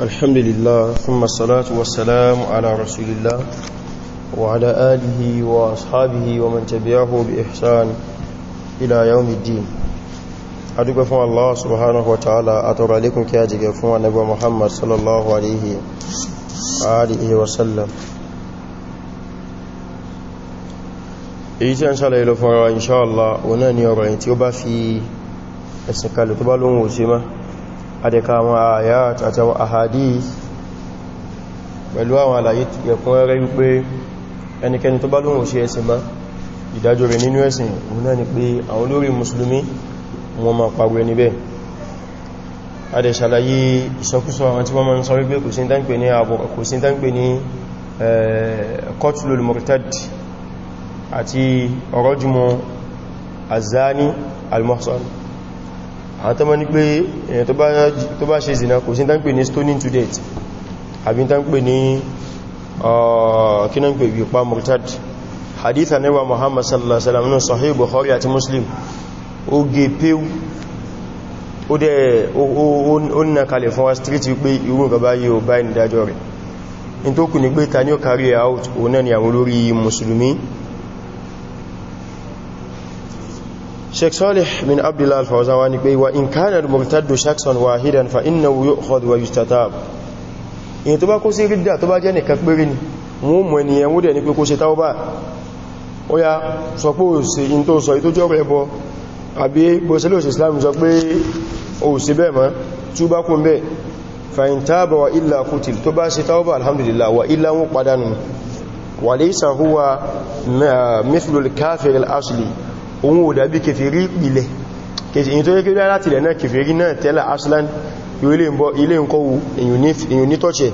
الحمد لله ثم الصلاة والسلام على رسول الله وعلى آله وأصحابه ومن تبعه بإحسان إلى يوم الدين أدوك فون الله سبحانه وتعالى أترى لكم كاتك فون نبو محمد صلى الله عليه وآله وسلم èyí tí a ń ṣàlàyé lọ fún ara inṣáàlá wọn náà ni ọ̀rọ̀ yìí tí ó bá fi ẹ̀sìn kalẹ̀ tó bá lóhun òṣèmá àdẹ̀ka àwọn ayat àtàwọn ahadith pẹ̀lú àwọn àlàyé yẹ̀kún rẹ̀ wípé ẹnikẹni tó bá lóhun ṣe ẹ̀sìn má ìdájọ́ rẹ̀ nínú ẹ̀sìn òun náà ni pé àwọn olórí musulmi wọn ma pàgbẹ̀ níbẹ̀ adẹ̀ ṣàlàyé ìsọkúsọ àwọn tí wọ́n ma ń sọ àwọn tó mọ́ ní pé èyàn eh, tó bá ṣe zina kò sí tán pè ní stoning to date àbí tán pè ní ah, kínan pè wípa murtad haditha newa muhammad sallallahu alaihi wasallam nínú sahih bukhari àti muslim ó gé péw ó dẹ̀ ó nà kalẹ̀ fún wa street wípé irú gaba yìí ó báyìí dájọ́ rẹ̀ in tó kù ní pé ta ní ó carry out òun náà ni àwọn olórí musulmi sheikh salih bin abdullah al-fawzan wá ní pé wa in kana al-murtaddu shakhsan wahidan fa innahu yu'khad wa yustatab in tó bá kó sí ridda tó bá jẹ́ nìkan péré ni wọ́n mọ̀ ènìyàn wó dẹ̀ ní pé kó ṣe tawba ó yá sọ pé ó ṣe in tó sọ ìtó jẹ́ ọ̀rẹ́ bọ àbí bọ̀sẹ̀lẹ̀ òṣè islam sọ pé ó sì bẹ́ẹ̀ mọ́ tí ó bá kún fa in taba wa illa qutil tó bá ṣe tawba alhamdulillah wa illa wọn padànù wa laysa huwa mithlul kafir al-asli òun ò dàbí kèfèrí ìpìlẹ̀ kèfèrí tó rékèrí láti rẹ̀ náà kèfèrí náà tẹ́lá aslan yóò ilé ń èyàn ní tọ́ṣẹ̀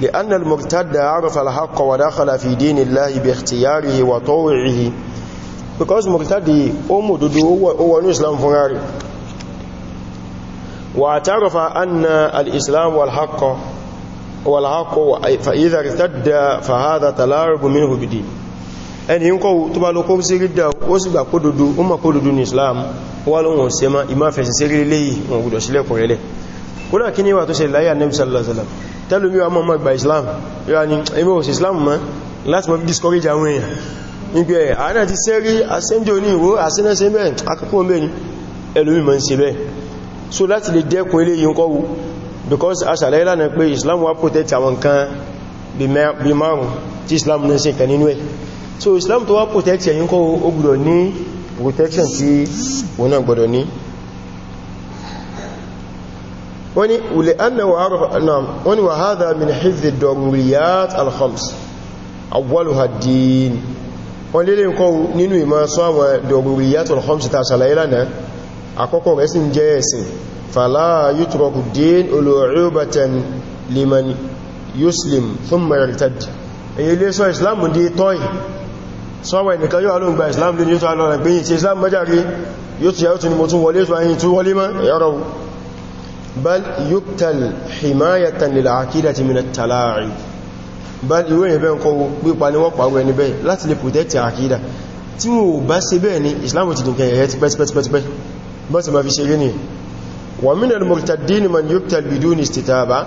lè annal mọ̀tàdà because mọ̀tàdì ó mọ̀ dodo ó wà ní islam fún rari wà tàrọ̀fà anna al-islam wal-haqqa wal fa hadha talarubu minhu bidin ẹni ń kọ́ tó bá lọ kó sí rídà ó sì gbà kó dodo ó mọ̀ kó dodo ní Islam wà lóhun ṣe ma ìmá fẹ̀sì sí rí léyìí wọn gùdọ̀ sílẹ̀ kò rẹ̀lẹ̀ kódà wà tó ṣe láyé Ànábì sallallahu alaihi wasallam tẹ́lùmí wa Islam yóò ní ẹmọ́ òsì Islam mọ́ láti mọ́ discourage àwọn èèyàn nígbẹ̀ àánà ti sẹ́rí àṣẹ́jọ ní ìwó àṣẹ́nẹ́sẹ́ mẹ́rin akẹ́kọ̀ọ́ mẹ́rin ẹlòmí mọ́ because aṣàlẹ́ ìlànà Islam wa protect àwọn nǹkan bí Islam ní sí so Islam tó wá protect ẹ̀yin kọ́ ó gbọ́dọ̀ ní protection tí wọ́n náà gbọ́dọ̀ ní wọ́n ni ulẹ̀ annahu arọ́fàánàm wọ́n ni wa hadha min hifzi ad-daruriyat al-khams awwaluha ad-din wọ́n lè kọ́ nínú ìmọ̀ sọ àwọn ad-daruriyat al-khams ta ṣàlàyé lánàá àkọ́kọ́ rẹ̀ sì ń jẹ́ fala yutraku ad-din ulu'ubatan liman yuslim thumma yartad èyí lè Islam di tọ́yì sọ́wọ́ ìnìkan yóò alóògbà islam lè ní tó alọ́rọ̀ ìgbìyàn tí islam mẹ́jàrí yóò tí yàtún ni mo tún wọlé tó ayin tún wọlé mọ́ ẹ̀rọ bal yuktal himayatan lil aqidati min at-tala'i bal iwe ni bẹ́ẹ̀ kọ́ pípa ni lè àkídà ti dùnkẹ̀ ẹ̀yẹ ti pẹ́tipẹ́tipẹ́ bọ́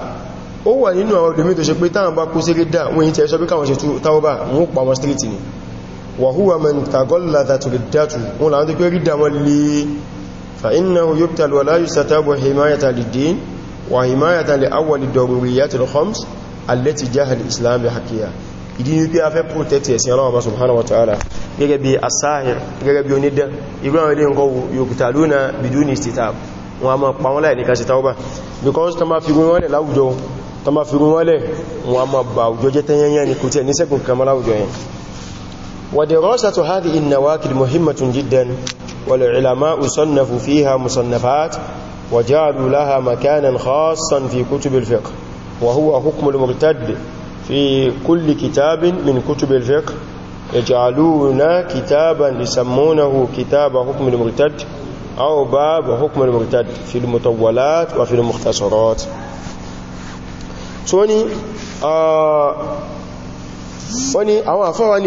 ó wà nínú àwọn obìnrin tó ṣe pé táwọn bá sí rí dá wọ́n yí tẹ́ sọ káwọn ṣe táwọ́ bá wọ́n pa wọn ni وهو من تغلظت ردته ولا عندك رده ولي فانه يقتل ولا يستتاب حمايه للدين وحمايه لاول الضروريات الخمس التي جاء الاسلام بحقها ìdí ní pé a fẹ́ protect ẹ̀sìn ọlọ́wọ́ subhanahu wa ta'ala gẹ́gẹ́ bí asáhìr gẹ́gẹ́ bí onídá irú àwọn ilé nǹkan yuqtaluna biduni istitab wọn a máa pa wọ́n láì ní kàṣẹ tauba because tó máa fi gún wọ́lẹ̀ láwùjọ tó máa fi ودراسة هذه النواكل مهمة جدا والعلماء صنفوا فيها مصنفات وجعلوا لها مكانا خاصا في كتب الفقه وهو حكم المرتد في كل كتاب من كتب الفقه يجعلون كتابا يسمونه كتاب حكم المرتد أو باب حكم المرتد في المطولات وفي المختصرات سوني آه ثاني ni àwọn àfáwà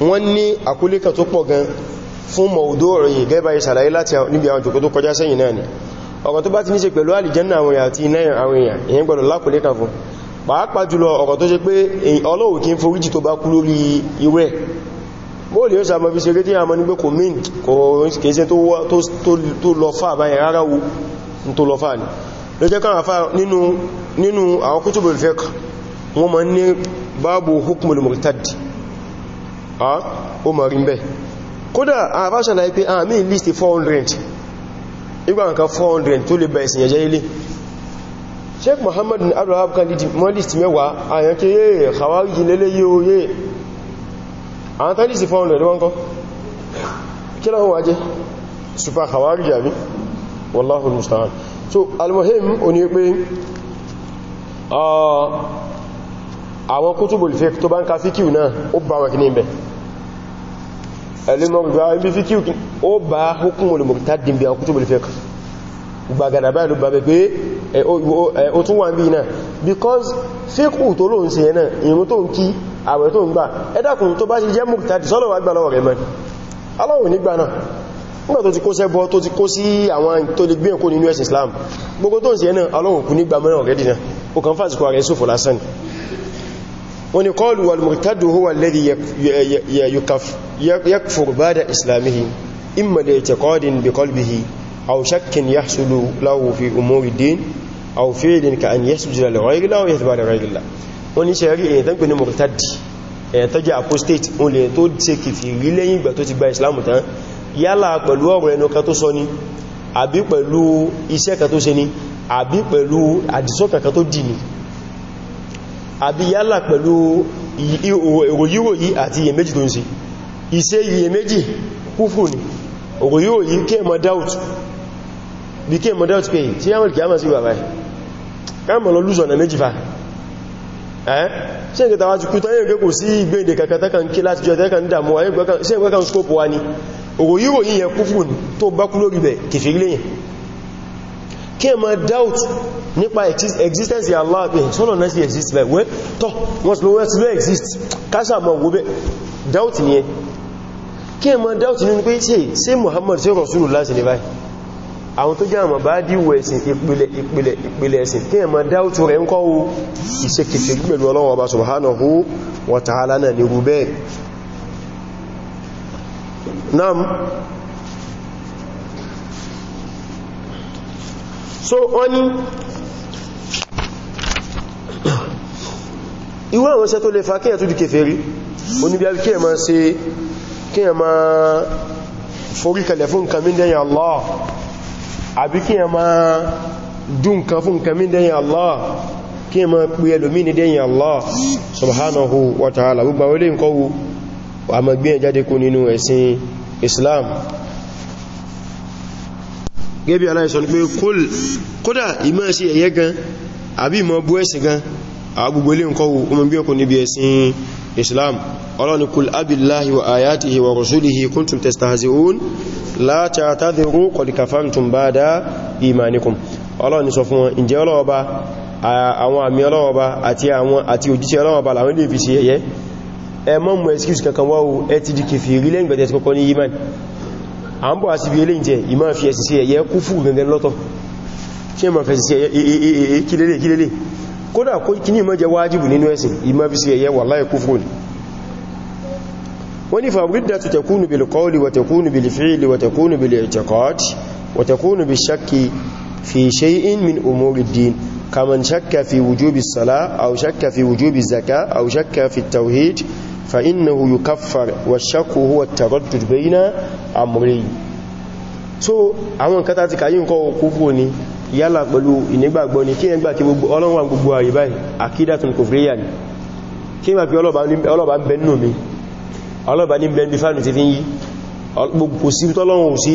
wọ́n ní àkúlẹ́kà tó pọ̀ gan fún mọ̀ọ̀dọ́ òròyìn gẹ́bà ìsàlàyé láti níbi àwọn jòkó tó kọjá sẹ́yìn náà ni ọ̀rọ̀ tó bá ti ní ṣe pẹ̀lú àlìjẹ́nà àwọn èèyàn àti iná àwọn èèyàn èyàn gbọ́dọ̀ lákúlẹ́kà fún pàápàá jùlọ ọ̀rọ̀ tó ṣe pé Ọlọ́hun kí ń foríjì tó bá kú lórí ìwẹ̀ bóòlì yóò sàmọ́ fi ṣe rédí àmọ́ nígbé kò mín kò kèése tó lọ fà báyẹ̀ rárá wo tó lọ fà ma ní báàbù hukmul murtad ó mọ̀ rí bẹ́ kódà àbáṣàlá ipé àmì ah, list 400 ìgbà nǹkan 400 tó lè bẹ̀ ìsìnyẹ̀ jẹ́ ilé Sheikh Muhammad bin Abdullahab kan lè mọ́ list mẹ́wàá àyàn kí yẹ́ khawarij lélé yóò yẹ́ àwọn tán list 400 wọ́n kọ́ kí lọ́wọ́ wá jẹ́ super khawarij àbí wallahu musta'an so al-muhim ó ní pé ah, àwọn kutubul fiqh tó bá ń ka fíkíù náà ó bá wọn kì ní ibẹ̀ ẹlẹ́mọ̀gbà ibi fíkí ó bá hókún olùmọ̀tàdín bí àkútù bèèrè fẹ́kù gbàgàdà báyìí ló bá bẹ pé ó tún wà ń bí náà because fíkù tó ló ń ṣe ẹ̀nà ìrún tó ń kí àwẹ̀ tó ń gbà ẹ̀dàkùn tó bá ti jẹ́ mọ̀tàdí sọ́nà wà gbàlọ́wọ̀ rẹ̀ wani qalu wal murtadu huwa alladhi yakfur ba'da islamihi imma li i'tiqadin bi qalbihi aw shakkin yahsulu lahu fi umuri din aw fi'lin ka an yasjuda li ghayri llahi wa yathba li ghayri llahi wọ́n ní shari'a èyàn tán pè murtadi èyàn tó jẹ́ apostate o lè tó ṣe kìfìrí lẹ́yìn ìgbà ti gba islam tán yálà pẹ̀lú ọ̀rọ̀ ẹnu kan tó sọ ní àbí pẹ̀lú iṣẹ́ kan tó ṣe ní àbí pẹ̀lú àdìsọ́kàn kan tó dì ní àbí yálà pẹ̀lú ìròyíròyí àti iyèméjì tó ń ṣe iṣẹ́ iyèméjì kúfù ní òròyíròyí kí ẹmọ doubt bí kí ẹmọ doubt pé tí yàmọ̀ kí a mọ̀ sí wà báyìí káàmọ̀ lọ lùsọ̀ na méjì fa ṣe nkẹta wá ti kú tán yẹ́ kò sí ìgbéǹde kàkàtàkà ń kí láti jọ tẹ́kà nípa existence Allah pé eh, sọ́nà náà sí exist bẹ̀ wẹ́ tọ́ wọ́n slow west ló exist káṣà mọ̀ wó bẹ́ doubt ni ẹ kí ẹ mọ̀ doubt ní pé tí ṣe Muhammad ṣe Rasulullah sí ní báyìí àwọn tó jẹ́ àmà bá díwò ẹ̀sìn ìpìlẹ̀ ìpìlẹ̀ ìpìlẹ̀ ẹ̀sìn kí ẹ mọ̀ doubt rẹ̀ ń kọ́ o iṣẹ́ kìfẹ́ pẹ̀lú Ọlọ́run Ọba subhanahu wa ta'ala náà ní rúbẹ́ nam so wọ́n ni irú àwọn iṣẹ́ tó lè fa kíyàn tó di kèfèrí oníbí àbí kíyàn máa ṣe kíyàn máa forí kalẹ̀ fún nǹkan mín Allah àbí kíyàn máa dùn kan fún nǹkan mín Allah kíyàn máa pè ẹlòmí ní dẹ́yìn Allah subhanahu wa ta'ala gbogbo àwọn ilé nǹkan wo wà máa gbé jáde kú nínú ẹ̀sìn Islam gẹ́bí aláìsàn pé kódà ìmọ̀ sí ẹ̀yẹ gan àbí ìmọ̀ bú ẹ̀sìn gan agbogbo ilé nǹkan wo kuma bí ọkùn níbi ẹ̀sìn islam ọlọ́ni kul abillahi wa ayatihi wa rasulihi kuntum testahzi'un la ta'tadhiru qad kafartum ba'da imanikum ọlọ́ni sọ fún wọn ǹjẹ́ ọlọ́ọba àwọn àmì ọlọ́ọba àti àwọn àti òjíṣẹ́ ọlọ́ọba làwọn lè fi ṣe ẹ̀yẹ ẹ mọ́ mú excuse kankan wá o ẹ ti di kèfèrí lẹ́yìn gbẹ̀dẹ̀ ti kọ́kọ́ ní iman à kódà kí ní ìmọ́ jẹ wájìbù nínú ẹ̀sìn ìmọ́ fi sí ẹ̀yẹ wallahi kufrun wọ́n ní fàbrídà tó tẹkúnù bil qawli wà tẹkúnù bil fi'li wà tẹkúnù bil i'tiqad wà tẹkúnù bil shakki fi shay'in min umuri din kaman shakka fi wujubi sala aw shakka fi wujubi zaka aw shakka fi tawhid fa innahu yukaffar wa shakku huwa taraddud bayna amrayn so àwọn kan ti kayin ko kufrun ni yálà pẹ̀lú ìnígbàgbọ́ ni kí ẹgbà kí gbogbo ọlọ́run wà gbogbo ààyè báyìí àkídàtún kufriya ni kí ma fi ọlọ́ba ń bẹ nínú mi ọlọ́ba ní bẹ́ẹ̀ bí fánù ti fi ń yí gbogbo sí tọ́lọ́run sí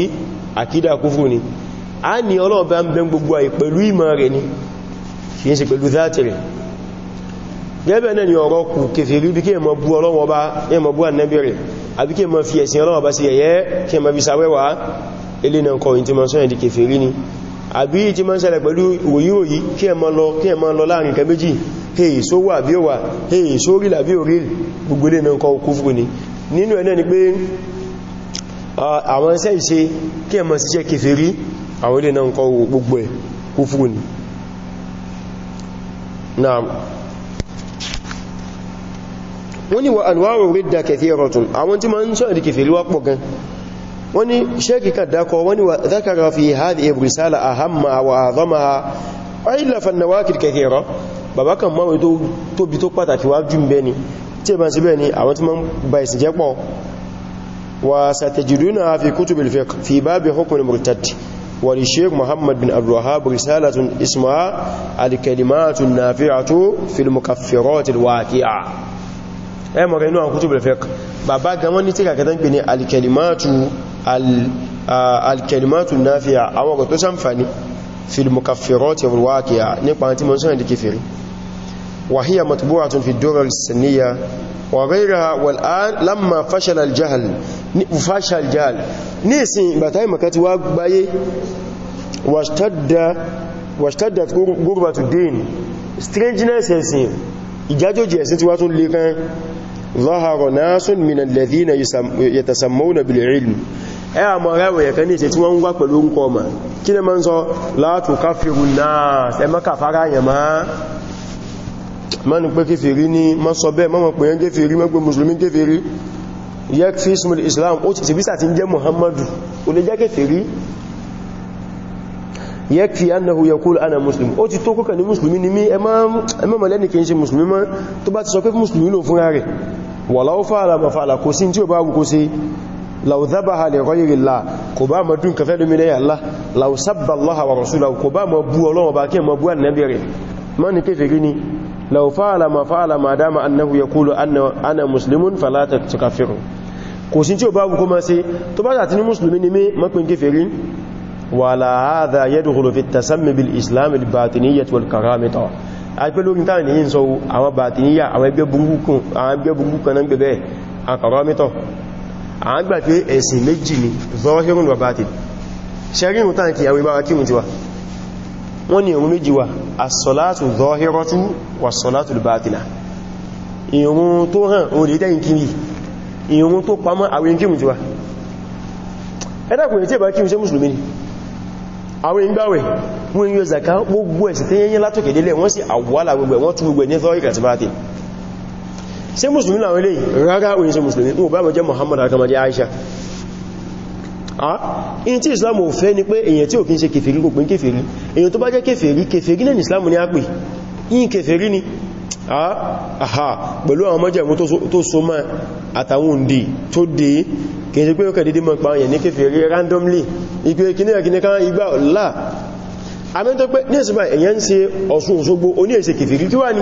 àkídà kúfù ni a ní ọlọ́ba ni kì í ṣe pẹ̀lú záàtì rẹ̀ gẹ́bẹ̀ náà ni ọ̀rọ̀ kù kèfèrí bí kí ẹmọ bú ọlọ́wọ́ bá ẹmọ bú ànẹ́bì rẹ̀ àbí kí ẹmọ ni àbí tí ma ń ṣẹlẹ̀ pẹ̀lú ròyíròyí kí ẹ ma lọ kí ẹ ma lọ láàrin nǹkan méjì hey so wà bí ó wà hey so rí làbí ò rí gbogbo ilé náà kọ kúfùrù ni nínú ẹ̀ náà ni pé àwọn iṣẹ́ ìṣe kí ẹ ma ṣiṣẹ́ kèfèrí àwọn ilé náà kọ gbogbo ẹ̀ kúfùrù wọ́n ní ṣẹ́kì kan dákọ̀ wọ́n ní zakara fi hadhihi risala ahamma wa azamaha aylafa nawakid kathira bàbá kan mọ́ tó tóbi tó pàtàkì wá jù bẹ́ ni tí ẹbá e sí bẹ́ ni àwọn tí ma ń ba ìsìn jẹ́ wa satajiduna fi kutubil fiqh fi babi hukm murtad wa li shaykh muhammad bin abdul risalatun ismaha al kalimatu nafi'atu fil mukaffirat al waqi'a ẹ mọ̀ inú àwọn kutubil fiqh bàbá gan wọ́n ní tí kàkàtà ń pè ní al alkalimatu nafiya àwọn ọ̀rọ̀ tó ṣàǹfààní filmukafirati wulwakiya nípa tí mọ́ sọ́nà di kèfèrí وهي مطبوعة في الدور السنية وغيرها والآن لما فشل الجهل فشل الجهل نيسين باتاي مكاتي واغباي واشتد واشتدت غربة الدين strangeness يسين ìjájọ́ jẹ́ sí ti wá tún lè kan ظهر ناس من الذين يتسمون بالعلم ẹ àmọ̀ rẹwẹ̀ ẹ̀kẹ́ ní ìṣẹ́ tí wọ́n ń wá pẹ̀lú orúkọ ọmọ kí lẹ ma ń sọ látò káfíru náà ẹ má kàfàrà yẹn má má ní pé kéfèrí ní má sọ bẹ́ẹ̀ mọ́mọ̀ pè kéfèrí mọ́gbẹ̀ mùsùlùmí kéfèrí yẹ́ fi islam ó ti tìbísà ti muhammadu ó lè jẹ́ kéfèrí yẹ́ fi annahu yaqul ana muslim ó ti tó kókà ní musulmi ni mí ẹmọ́ mọ̀lẹ́ni kí n ṣe musulmi mọ́ tó bá ti sọ pé musulmi lò fúnra rẹ̀ wọ̀láwó fààlà mọ̀fààlà kò sí tí ó bá wù kó sí law dhabaha li ghayri Allah kò bá ma dún kafẹ́ lómi lẹ́yìn Allah law sabba Allah wa rasulahu kò bá ma bú Ọlọ́run bá kí ma bú annabi rẹ̀ ma ni kéfèrí ni law fa'ala ma fa'ala ma dama annahu yaqulu anna ana muslimun fala tukaffiru kò sí tí ó bá wù kó ma ṣe tó bá dàtí ní musulmi ni mé mọ́pin kéfèrí wala hadha yadkhulu fi tasammi bil islam al batiniyyat wal karamita àìpẹ́ lórí táà ní yí ń sọ àwọn bàtìníyà àwọn ẹgbẹ́ burúkú kan náà gbẹ̀bẹ̀ àkàrámítọ̀ àwọn gbà pé ẹ̀sìn méjì ni zọ́hírùn wà bá ti ṣẹ́rìnrùn tàn kí àwọn ìbára kírùn ti wà wọ́n ní ìrun méjì wà asọ́látù zọ́hírọ́tú wà sọ́látù bàtìnà ìrun tó hàn orí tẹ́yìn kiri ìrun tó pamọ́ àwọn kírùn ti zaka gbogbo ẹ̀sìn tẹ́yẹn látòkèdélẹ̀ wọ́n sì àwọ́là gbogbo ẹ̀ wọ́n tún gbogbo ẹ̀ ní ṣe musulmi láwọn ilé rárá òyìn ṣe musulmi mú bá mọ̀ jẹ́ muhammadu akamọ̀ jẹ́ aisha in ah, tí islam ò fẹ́ ni pé èyàn tí ò kí ń ṣe kèfèrí kò pín kèfèrí èyàn tó bá jẹ́ kèfèrí kèfèrí náà islam ní àpè yìí kèfèrí ni àhà ah, pẹ̀lú àwọn mọ́jẹ̀mú tó so mọ́ àtàwọn òǹdè tó dé kìí ṣe pé ó kẹ̀dẹ́dẹ́ mọ́ pa òyìn ní kèfèrí randomly ìgbé kìníkà igbá ọ̀lá àmẹ́ntọ́ pé ní ẹ̀sùn bá èyàn ń ṣe Ọ̀ṣun Òṣogbo oní èsè kèfèrí kí wá ni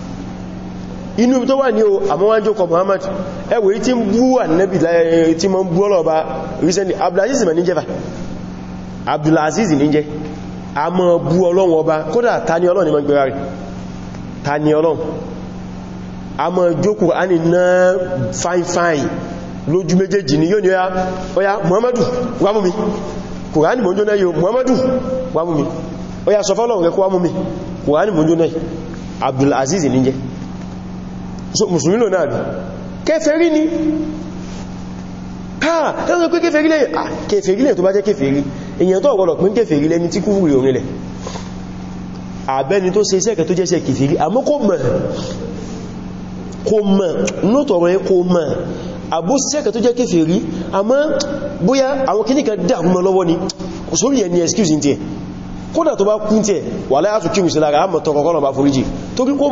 inú tó wà ní o àmọ́wájò kọ Muhammad ẹwẹ̀ tí ń bú ànẹ́bì tí mọ́ ń bú ọlọ́ọ̀bá recently Abdulaziz ma ní jẹ́fà Abdulaziz ní jẹ́ a mọ́ bú ọlọ́run ọba ni mọ́ gbẹ̀rẹ̀ rẹ̀ tani ọlọ́run a mọ́ jókù a ní ná fine Muhammadu wá mú mi Kùránì mọ́ Muhammadu wá mú mi ọya sọfọ́lọ́run rẹ̀ kó wá mú mi Kùránì mọ́ Abdulaziz ní jẹ́ musulmi lò náà ni kèfèrí ni káà ẹ̀rọ pé kèfèrí lẹ́yìn à ah, kèfèrí lẹ́yìn tó bá jẹ́ kèfèrí èyàn tó ọ̀gọ́lọ̀ pín kèfèrí lẹ́ni tí kúrú rí orin lẹ̀ àbẹ́ni tó ṣe iṣẹ́ tó jẹ́ṣẹ́ kèfèrí àmọ́ kò mọ̀ kò mọ̀ nótọ̀rọ̀ ẹ kò mọ̀ jẹ́ kèfèrí àmọ́ bóyá àwọn kìníkan dàmọ́ lọ́wọ́ ni sórí ẹni excuse ní tí ẹ̀ kódà tó bá kún tí ẹ̀ wà láyásù kí mùsùlára àmọ́ tọkọ̀kọ́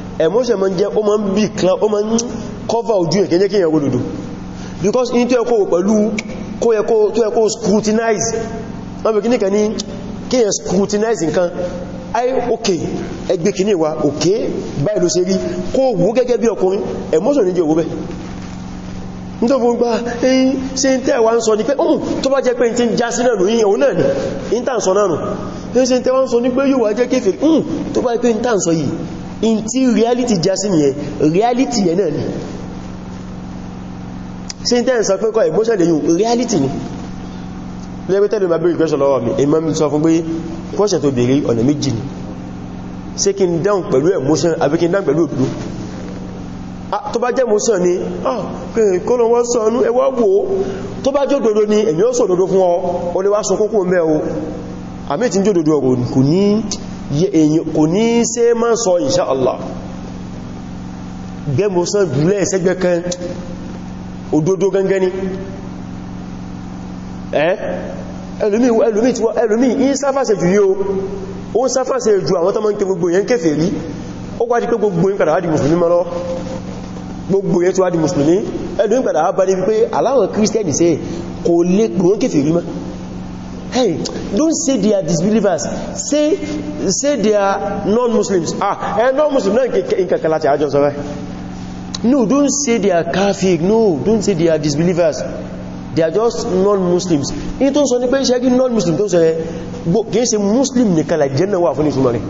ẹ̀mọ́sẹ̀ ma ń jẹ́ ó ma ń bí kan ó ma ń cover ojú ẹ̀ kẹjẹ́ kíyàn olùdó because in tó ẹkọ́ pẹ̀lú kó ẹkọ́ scrutinize wọ́n bí kí níkan ní scrutinize nǹkan ai ok ẹgbẹ́ kìíní wa ok báyìí ló ṣe rí kó wó gẹ́gẹ́ bí ọkùnrin ẹ̀mọ́sẹ̀ ní jẹ́ ohun in tí reality jásí yẹn reality yẹn náà ni ṣe n tẹ́rin sọ pé kọ́ emotion lè yùn reality ni lẹ́gbẹ́ tẹ́lẹ̀ ma bèèrè question lọ́wọ́ mi èmọ́ mi sọ fún pé question tó bèèrè ọ̀nà méjì ni ṣe kí n dáhùn pẹ̀lú emotion àbí kí n dáhùn pẹ̀lú òdúró tó bá jẹ́ emotion ni ah, kó lọ wọ́n sọ́nú ẹwọ́ wò tó bá jódodo ni èmi ó sọ òdodo fún ọ o lè wá sọ kókó mẹ́ o àmì tí ń jódodo ọ̀rọ̀ kò ní kò ní ṣe má sọ insha Allah gẹ́mọ̀ sán jùlẹ̀ ẹ̀sẹ́gbẹ́ kan òdodo gangan ni ẹ́ ẹlòmí in sáfàṣẹ́ jù ní o ó sáfàṣẹ́ jù àwọn tọ́mọ́ ń ké gbogbo yẹn kéfèé rí ó wájí pé gbogbo yẹn padà wá di mùsùlùmí mọ́ lọ gbogbo yẹn tó wá di mùsùlùmí ẹlòmí padà wá bá débi pé aláwọn kírísítẹ́nì sẹ́ kò lè pè wọ́n kéfèé rí mọ́ hey don't say they are disbelievers say say they are non-muslims ah eh non-muslim náà nǹkan kan láti àjọ sọ́rọ̀ no don't say they are kafir no don't say they are disbelievers they are just non-muslims in tó ni ní pé ṣẹ́gí non-muslim tó sọ ẹ kìí ṣe muslim nìkan kala Janna wà fún ìṣúmọ̀ rẹ̀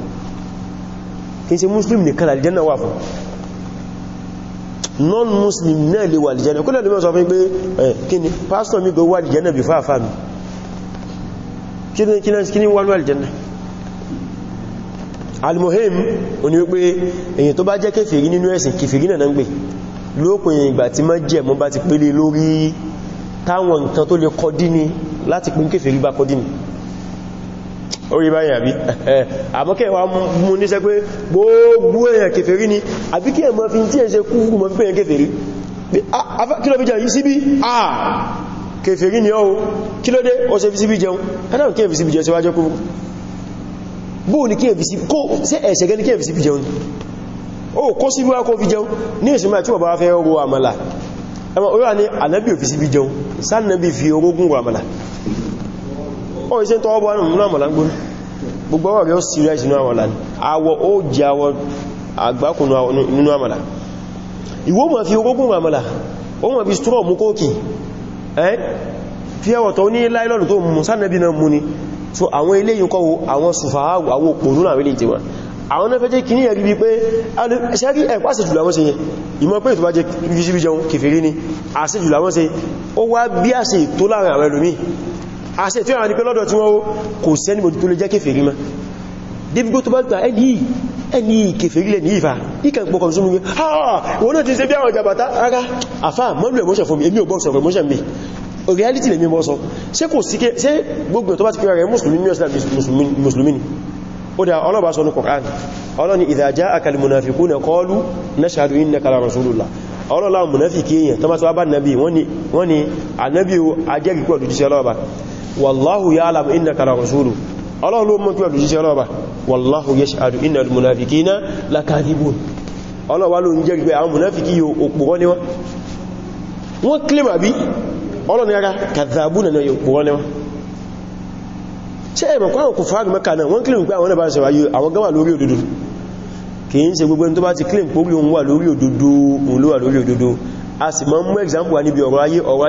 kìí muslim nìkan kala Janna wà fún non-muslim na lè wà Janna kó lẹ́lẹ́mọ́ sọ fún pé eh, kí ni pastor mi go wa Janna bí fáfá mi kíní wà ní aljanna almuhim ó ní wípé èyàn tó bá jẹ́ kèfèrí nínú ẹ̀sìn kèfèrí náà ń gbé lópin ìgbà tí má jẹ́ mọ́ bá ti pélé lórí táwọn nǹkan tó lè kọdí ni láti pín kèfèrí bá kọdí ni orí báyìí àbí àmọ́kẹ́ wa mú ní sẹ pé gbogbo èyàn kèfèrí ni àbí kí ẹ̀mọ́ fi tí ẹ̀ ṣe kúrù kèfèrí ni ọ́ kí ló dé ó ṣe fi síbí jẹun ẹ̀dàrùn kí èfì síbí jẹun síwájọ́ kúrú bóò ní kí èfì síbí kó sí ẹ̀ṣẹ̀ gẹ́ ní kí èfì síbí jẹun ó kó síbí wá kó fi jẹun ní ìsinmi àti wọ́n bá fẹ́ ro àmàlà ẹmọ orí wà ní ànábì ò fi síbí jẹun sánàbì fi orógún ro àmàlà ó ìwọ́n mọ̀ fi orógún àmàlà ó mọ̀ fi strọ̀ mú kókì eh tí ẹwọ̀ tó ní láìlọ́nù tó mú sánàbí náà mú ni so àwọn ilé yíkọ́ àwọn sùfàáwù àwọn òpònú náà rí ìtìwà àwọn náà fẹ́ jẹ́ kì ní ẹ̀rí wípé ṣẹ́rí ẹ̀kọ́ àṣìjù làwọn ṣe yẹn ìmọ̀ pé ìtọ́bá jẹ́ fífíṣíbí jẹun kèfèrí ni àṣìjù làwọn ṣe ó wá bí àṣẹ tó láàrin àwọn ẹlòmí àṣẹ tí ó rà ní pé lọ́dọ̀ tí wọ́n kò sẹ́ni mọ̀jú tó lè jẹ́ kèfèrí ma débi tó bá gbà ẹni ẹni ìkèfèrílẹ̀ ní ìfà ìkà ìpọ̀ kọ̀nsúnmù yẹn wọ́n náà ti ṣe bí àwọn ìjàbàtà ara àfá mọ́lù emotion fún mi èmi ò gbọ́sọ̀ emotion mi reality lè mi bọ́ sọ ṣe kò sí ṣe gbogbo tó bá ti kí rẹ̀ mùsùlùmí ní ọ̀sán mùsùlùmí ni ó dá ọlọ́bà sọ ní Qur'an ọlọ́ni idha ja'aka al-munafiquna qalu nashhadu innaka la rasulullah ọlọ́lá munafiki èèyàn tó bá tó bá nàbí wọ́n ni ànábí o ajẹ́rìí pẹ̀lú jíṣẹ́ ọlọ́ba wallahu ya'lamu innaka la rasuluhu ọlọ́lọ́ mọ́ pẹ̀lú jíṣẹ́ ọlọ́ba wallahu yashhadu innal munafiqina lakadhibun ọlọ́wà ló ń jẹ́ pé àwọn munafiki yóò òpùrọ́ ni wọ́n wọ́n kílè màbí ọlọ́ni ara kadhabuna ni òpùrọ́ ni wọ́n ṣe ẹ̀mọ̀ kọ́ àwọn kòfàrí mẹ́ka náà wọ́n kílè pé àwọn ẹ̀bá ṣẹ̀wà yóò àwọn gánwà lórí òdodo kìí ṣe gbogbo ẹni tó bá ti kílè pórí òun wà lórí òdodo òun ló wà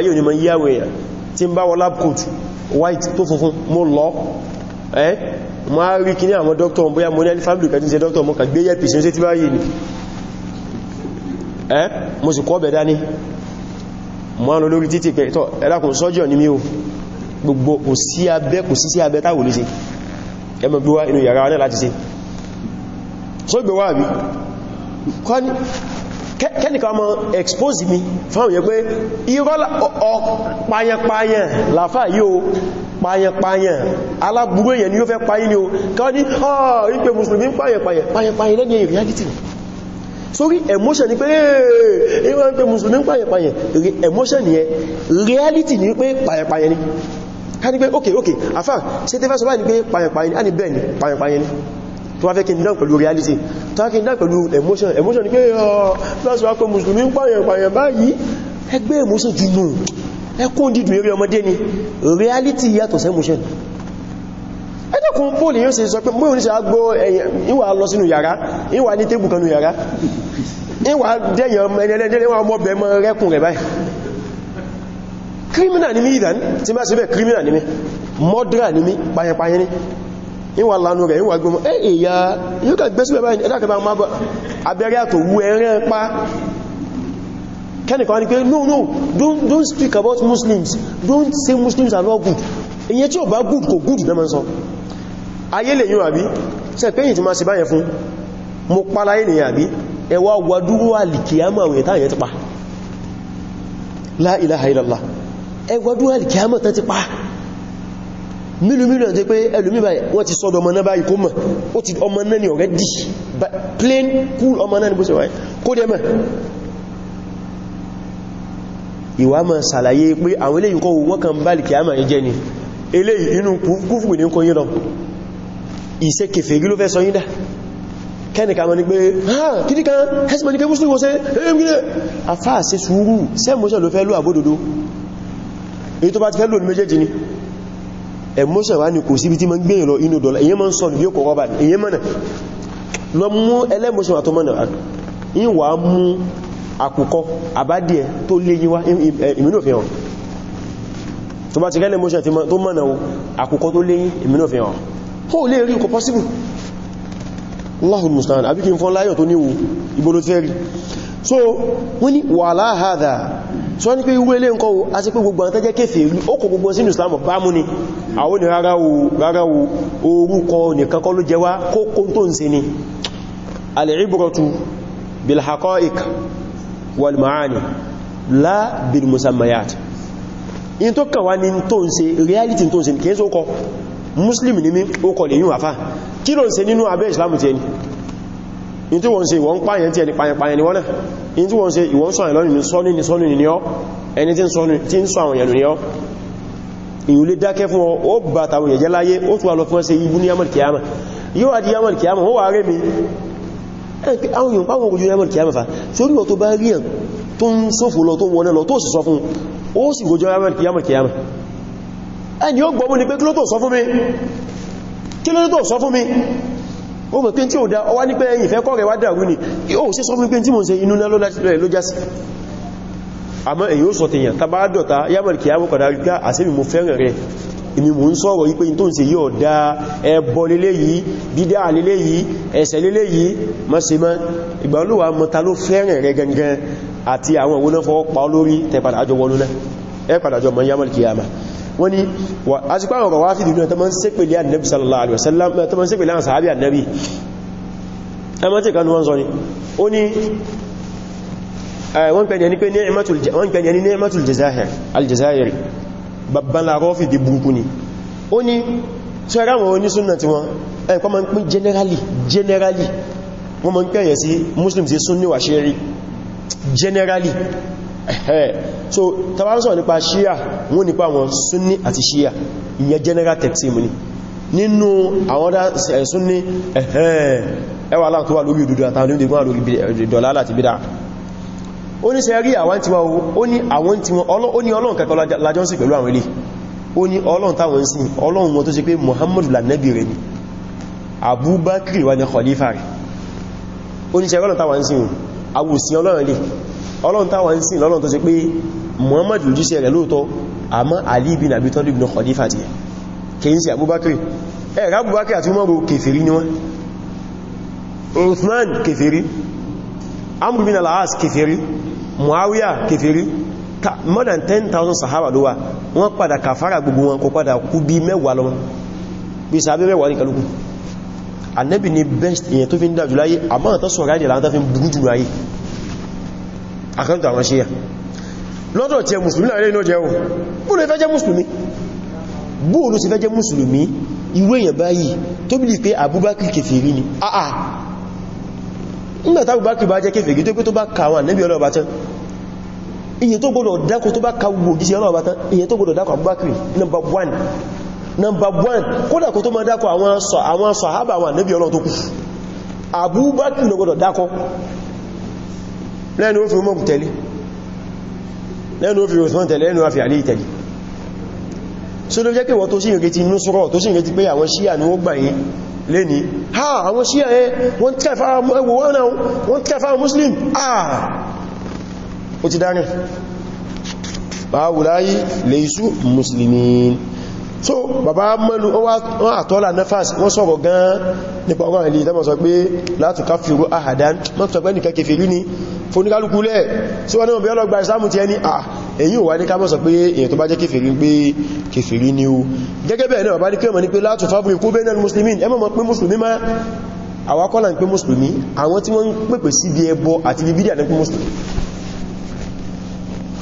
lórí white tó funfun mo lọ eh ma rí kí ní àwọn dókítọ̀ bóyá mo ní ẹni fábílì kẹtí ṣe dókítọ̀ mo kà yẹ́ pìsìn sí ti báyìí ni ẹ́ mo sì kọ́ bẹ̀dá ní ma ń lórí títì pẹ̀ tọ́ ẹlákùn sọ́jọ́ ni mí o gbogbo kò sí abẹ́ kò sí sí abẹ́ táwò lè ṣe ẹmọ gbé wá inú yàrá náà láti ṣe so gbé pààyàn aláburú èyàn ni ó fẹ́ pààyàn ni ó káwọ́ ní ọ̀ ah, ìpé mùsùlùmí pààyàn pààyàn pààyàn lẹ́gbẹ̀ẹ́ reality sórí emotion ni pé ìwọ́n eh, pé mùsùlùmí pààyàn pààyàn emotion ni ẹ reality ni pé pààyàn pààyàn ni ká ní pé ok ok afá ṣe tẹ́fẹ́ sọ báyìí ni pé pààyàn pààyàn ni a ni bẹ́ẹ̀ ni pààyàn pààyàn ni tó wá fẹ́ kí n dán pẹ̀lú reality tó wá kí n dán pẹ̀lú emotion emotion ni pé ọ̀ ah, lọ́sọ̀wá pé mùsùlùmí pààyàn pààyàn báyìí ẹgbẹ́ emotion jù ẹkún dídùn eré ọmọdé ni reality yàtọ̀ sẹ́mùṣẹ́ ẹ̀dẹ́kùn pọ́ọ̀lù yóò ṣe sọ pé mú ìrìnṣẹ́ agbó ẹ̀yìn ìwà lọ sínú yàrá ìwà ní tébù kanú yàrá ìwà dẹ́yàn ẹ̀nẹ́lẹ́dẹ́lẹ́ wọn mọ́ bẹ̀mọ́ rẹ́kùn rẹ̀ báyìí criminal ni mí ìdán tí bá síbẹ̀ criminal ni mí murderer ni mí payẹpayẹ ni ìwà lánú rẹ̀ ìwà gbọmọ ẹ̀yà yóò kà gbẹ́síbẹ̀ báyìí ẹ̀dàkẹ́ bá máa bọ̀ abẹ́rẹ́ àtòwú ẹ̀rẹ́ pa kẹ́nìkan ní pé no no don't, don't speak about Muslims don't say Muslims are not good èyẹ tí ó bá good kò good náà ma sọ ayé lè yíò àbí ṣe pé yìí tí ma ṣe báyẹn fún mo pàlá yìí nìyà àbí ẹwà wàdúrú alìkìyàmọ̀ àwọn ètà yẹn ti pa la ilaha illallah ẹwàdúrú alìkìyàmọ̀ tán ti pa mílùmílù àti pé ẹlùmí báyìí wọ́n ti sọ́dọ̀ ọmọ náà báyìí kó mọ̀ ó ti ọmọ náà ni ọ̀rẹ́ dì plain cool ọmọ náà ni bó ṣe wáyé kó ìwà ma sàlàyé pé àwọn eléyìí kọ́ wọ́n kan báàlì kí a máa jẹ́ ni eléyìí inú kúfù ní kọyí lọ ìṣẹ́ kèfèrí ló fẹ́ sọ yídá kẹ́nìká mọ́ ní pé ha kìdí kan hẹ́sìmọ̀ ní pé mùsùlùmí wọ́n sẹ́ ẹgbẹ̀rẹ̀ afá sí sùúrù sẹ́mọ́sẹ̀ ló fẹ́ lú àbódòdó èyí tó bá ti fẹ́ lú ni ẹmọ́sẹ̀ wá ní kò síbi tí ma ń gbẹ̀yìn àkùkọ àbádìẹ tó lé yíwá ìmìnòfihàn tó bá ti gẹ́lẹ̀ mọ́ṣẹ́ tó mọ̀nà àkùkọ tó lé yí ìmìnòfihàn ó lè rí kò possible Allahul musta'an àbí kí fọ́n láyọ̀ tó níwò ìbòlò fẹ́ so wọ́n ni wala hadha so wọ́n ni pé ìwé ilé ń kọ́wọ́ a ti pé gbogbo àtẹ́jẹ́ kéfèé ó kò gbogbo sínú Islam bá mú ni àwọn ni rárá o rárá o orúkọ nìkan kọ́ ló jẹ wá kókó tó ń ṣe ni al-ibratu bil والمعاني لا بالمسميات in tó kàn wá ní tó ń ṣe reality tó ń ṣe kìí sókọ muslim ni mí ó kọ̀ lè yíò àfá kí ló ń ṣe nínú abẹ́ islam ti ẹni in tí wọ́n ṣe ìwọ̀n pààyàn ti ẹni pààyàn ni wọ́n náà in tí wọ́n ṣe ìwọ̀n sọ àìlọ́nì sọ́nù ni sọ́nù ni ọ́ ẹni àwọn èèyàn pàwọn ojú ẹmọ̀ kìí àmàfà torí wọ́n tó bá rí ẹ̀ tó ń sófò lọ tó wọnẹ́ lọ tó ẹni ó gbọ́mú ni pé kí ló tó sọ fún mi kí ló tó sọ fún mi ó mọ̀ pé tí ó dá ọwá ní pé ẹ̀yìn fẹ́ kọ́ rẹ̀ wá dàrú ni ó sì sọ fún pé tí mo ṣe inú lẹ́lọ́ ló jásí àmọ́ èyí ó sọ tèèyàn tàbádọ̀ta yàmọ̀ kìí èmi mò ń sọ̀rọ̀ wípé tó ń ṣe yíò dá ẹbọ lélé yìí bídá lélé yìí ẹ̀ṣẹ̀ lélé yìí mọ́ se mọ́ ìgbà olúwa mọ́ta ló fẹ́rẹ̀ rẹ gangan àti àwọn òwúná fọwọ́ pa olórí tẹ́padà àjọ wọnú náà ẹ padà jọ mọ́ ni àsìkò àwọn ọ̀rọ̀wá fìdí ni ó ní wọ́n pẹ̀lẹ̀ babban larọ́fì di burúkú ni ó ní tí ara wọn ní súnnà tí wọn ẹ̀kọ́ ma ń pín generally generally wọ́n ma ń pẹ̀yẹ̀ sí muslim sí súnnì wà ṣe rí generally ẹ̀hẹ́ so tàbá sọ nípa shia wọ́n nípa àwọn súnnì àti shia ìyẹn general texim ni nínú àwọn eh, súnnì ẹ̀hẹ́ ẹwà aláàkọwà lórí ìdúdó àtàwọn olóòdìgbọ́n àlórí eh, dọ̀lá láti bídá ó ní sẹ́rí àwọn tí wọ́n ó ní àwọn tí wọ́n ó ní ọlọ́run kẹ́kọ́ lájọ́ sí pẹ̀lú àwọn ilé ó ní ọlọ́run táwọn sí ọlọ́run wọn tó ṣe pé Muhammadu lànẹ́bì rẹ̀ ni Abubakar wà ní khalifa rẹ̀ ó ní sẹ́rí ọlọ́run táwọn sí àwòsí ọlọ́run ilé ọlọ́run táwọn sí lọ́lọ́run tó Ali bin Abi Talib ní khalifa ti kìí sí Abubakar ẹ̀rọ Abubakar àti Umaru kèfèrí ni wọ́n Uthman kèfèrí Amr bin al-As kèfèrí Muawiya kèfèrí more than 10,000 sahaba ló wà wọ́n padà kafara gbogbo wọn kò padà kú bí mẹ́wàá lọ bí sàábé mẹ́wàá ní kàlùkù annabi ni best èyàn tó fi ń dájú láyé àmọ́ tó sọ̀rọ̀ ìdí láwọn tó fi ń burú jù láyé àkántà àwọn ṣíyà lọ́dọ̀ tí ẹ mùsùlùmí láàrin inú jẹ́ ohun bóòlù ìfẹ́ jẹ́ mùsùlùmí bóòlù sì fẹ́ jẹ́ mùsùlùmí irú èyàn báyìí tó bí lè pé Abubakar kèfèrí ni ah ah nígbà tí Abubakar bá jẹ́ kéfèé tó pé tó bá ka àwọn ànábì ọlọ́ọ̀bá tán iye tó gbọdọ̀ dákò tó bá ka òjíṣẹ́ ọlọ́ọ̀bá tán iye tó gbọdọ̀ dákò Abubakar nọmbà 1 nọmbà 1 kódà kó tó má dákò àwọn sàhábà àwọn ànábì ọlọ́ọ̀ tó kù Abubakar ló gbọdọ̀ dákò lẹ́nu ó fi mọ́ tẹ̀lé lẹ́nu ó fi Usman tẹ̀lé lẹ́nu ó fi Àlí tẹ̀lé so ló jẹ́ kí wọ́n lẹ́ni ha àwọn ṣíyà ẹ eh, wọ́n tẹ́fà ẹwọ wọ́n náà wọ́n tẹ́fà muslim ah ó ti dáni báwù láyí lèṣù muslimin so bàbá mẹ́lú wọ́n àtọ́lá nefas wọ́n sọ̀rọ̀ gan nípa ọgbọ̀n ilé ìdámọ̀ sọ pé látù káfíru ahadan mọ́tọ̀gbẹ́ nìkan kèfèrí ni fóníkálukú lẹ́ sí wọ́n náà bí ọlọ́gbà ìsámù ti ẹni ah èyí ò wá ní kámọ̀ sọ pé èyàn tó bá jẹ́ kèfèrí pé kèfèrí ni ó gẹ́gẹ́ bẹ́ẹ̀ náà bá ní kíọmọ̀ ní pé látù fábúrí kó bẹ́ẹ̀ náà muslimin ẹ mọ̀ pé musulmi má àwọn akọ́lá ń pé musulmi àwọn tí wọ́n ń pèpè sí bí ẹbọ àti bí bídíà ní pé musulmi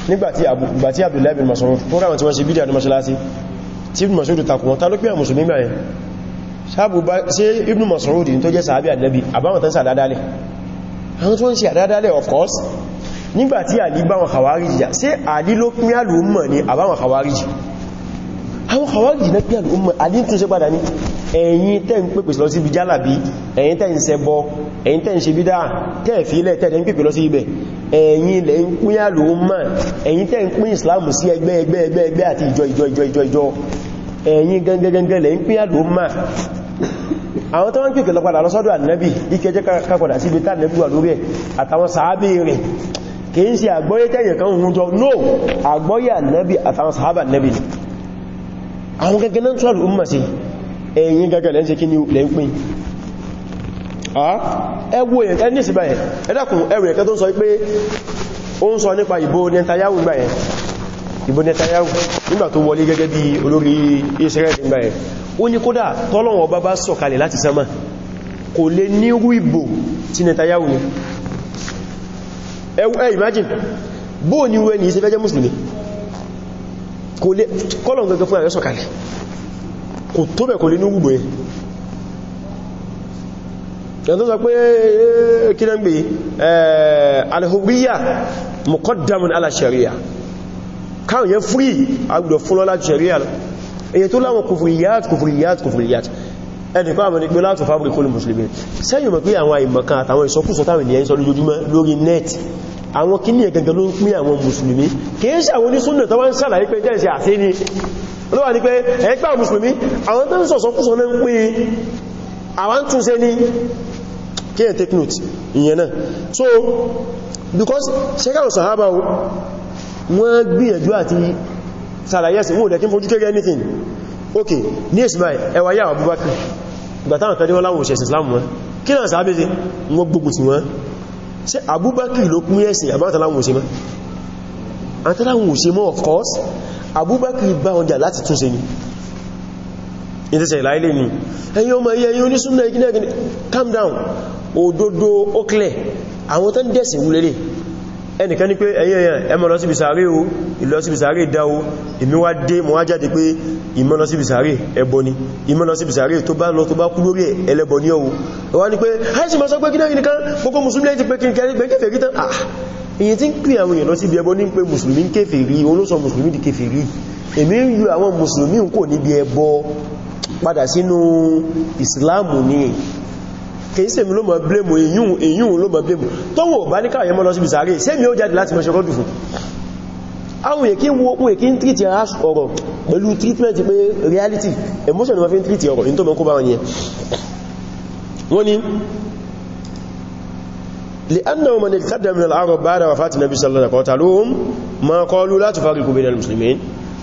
nígbàtí Abdullahi bin Mas'ud fún àwọn tí wọ́n ṣe bídíà ní mọ́ṣálásí tí Ibn Mas'ud takò wọn ta ló pé àwọn musulmi gbà yẹn of course nígbàtí àlì bá wọn kàwáríjì jà sí àlì ló pín àlùmọ̀ ní àbáwọn kàwáríjì àwọn kàwáríjì náà pín àlùmọ̀ àlì tún ṣe padà ní ẹ̀yin tẹ́ ń pèpè lọ sí ibi jálàbí ẹ̀yin tẹ́ ń ṣẹbọ ẹ̀yin tẹ́ ń ṣe bídá tẹ́ fílẹ̀ tẹ́ ń pèpè lọ sí ibẹ̀ ẹ̀yin lẹ́ ń pín àlùmọ̀ ẹ̀yin tẹ́ ń pín Islam sí ẹgbẹ́ ẹgbẹ́ ẹgbẹ́ ẹgbẹ́ àti ìjọ ìjọ ìjọ ìjọ ìjọ ẹ̀yin gangangangan lẹ́ ń pín àlùmọ̀ àwọn tó wọ́n lọ padà lọ sọ́dọ̀ ànábì ikẹjẹ́ kakọ̀dà sí ibi tá ànábì lórí ẹ̀ àtàwọn sàábì rẹ̀ kìí sí àgbọ́yé tẹ́yẹ̀ kan ohun jọ no àgbọ́yé ànábì àtàwọn sàhábà nẹ́bì àwọn gẹ́gẹ́ náà tọ́lù ọmọ sí ẹ̀yìn gẹ́gẹ́ lẹ́ń ṣe kí ní lẹ́ńpín ẹwọ ẹ̀yẹ̀ ní ìsìnbáyẹ̀ ẹ̀dàkùn ẹrù ẹ̀kẹ́ tó ń sọ pé ó ń sọ nípa ìbò Netanyahu gbáyẹ̀ ìbò Netanyahu nígbà tó wọlé gẹ́gẹ́ bí olórí Israel gbáyẹ̀ ó ní kódà tọ́lọ̀wọ̀ bá bá sọ̀kalẹ̀ ẹ imagine bó ní wẹ́ ní ìṣẹ́ fẹ́jẹ́ mùsùlùmí kò lè kọ́lọ̀ gẹ́gẹ́ fún àrẹ́sọ̀ kalẹ̀ kò tó bẹ̀ kò lè ní gbogbo ẹ̀ ẹ̀tọ́ sọ pé eh, kí náà gbé eh, alhubiyya muqaddamun ala sharia káwọn yẹn fúrí agbùdọ̀ fún lọ́lá sharia lọ èyẹ tó láwọn kufuriyat kufuriyat kufuriyat ẹnìkan àwọn ìgbé láti fabrikul muslimin sẹ́yìn mọ̀ pé àwọn àìmọ̀kan àtàwọn ìsọkúsọ táwọn ènìyàn sọ lójoojúmọ́ lórí nẹ́ẹ̀tì àwọn kíní ẹ̀gẹ̀gẹ̀ ló ń pín àwọn mùsùlùmí kìí ṣe àwọn onísúnnà tó wá ń sàlàyé pé jẹ́ ìṣẹ́ àti ní olówà ní pé ẹgbà mùsùlùmí àwọn tó ń sọ̀sọ́kúsọ náà ń pè àwọn tún ṣe ní kí ẹ̀ take note ìyẹn náà so because ṣẹ́kàrùn sàhábà wọ́n gbìyànjú àti sàlàyé ẹ̀sìn wọ́n dẹ̀kí fojú kéré anything okay ní ismail ẹwà Islam wọn kí náà sàábẹ́ sí wọ́n gbógun ti ṣe abúbákì ló pín ẹ̀sìn àbátàláwọn òṣèmọ́ àtàláwọn òṣèmọ́ of course abúbákì bá ọjà láti túnṣe ni ìtẹ́sẹ̀ ìláìlé ni ẹ̀yin ọmọ iye yíò ní súnmọ́ ìgínẹ̀gínẹ̀ calm down òdodo óklẹ̀ àwọn tán dẹ̀sìn wúlélẹ̀ ẹnìkan ní pé ẹ̀yìn ẹ̀yàn ẹmọ lọ síbi sàárè o ìlọ síbi sàárè dá o ìmí wá dé mọ́ wá jáde pé ìmọ́ lọ síbi sàárè ẹbọ ni ìmọ́ lọ síbi sàárè tó bá lọ tó bá kú lórí ẹlẹ́bọ ní ọwọ́ wá ní pé haisi ma sọ pé kíná nìkan gbogbo musulmi ti pé kèfèrí tán ah èyí tí ń pè àwọn èèyàn lọ síbi ẹbọ ní pé musulmi kèfèrí olóṣọ musulmi di kèfèrí èmi ń yọ àwọn musulmi kò níbi ẹbọ padà kìí sèmi ló mọ̀ blame èyún èyún ló mọ̀ blame tóhùn ò bá ní káàyẹ mọ́ lọ sí ìsàárè sẹ́mi ó jáde láti mọ́ṣẹ́ rọ́dù fún àwọn èkí wo ohun èkí ń tírìtì ọ̀rọ̀ pẹ̀lú treatment pé reality emotion ni wọ́n fi ń tírìtì ọ̀rọ̀ in tó mọ́ kó bá wọn yẹn wọ́n ni لأنه من اتقدم من العرب بعد وفاة النبي صلى الله عليه وسلم قتلوهم ما قالوا لا تفرقوا بين المسلمين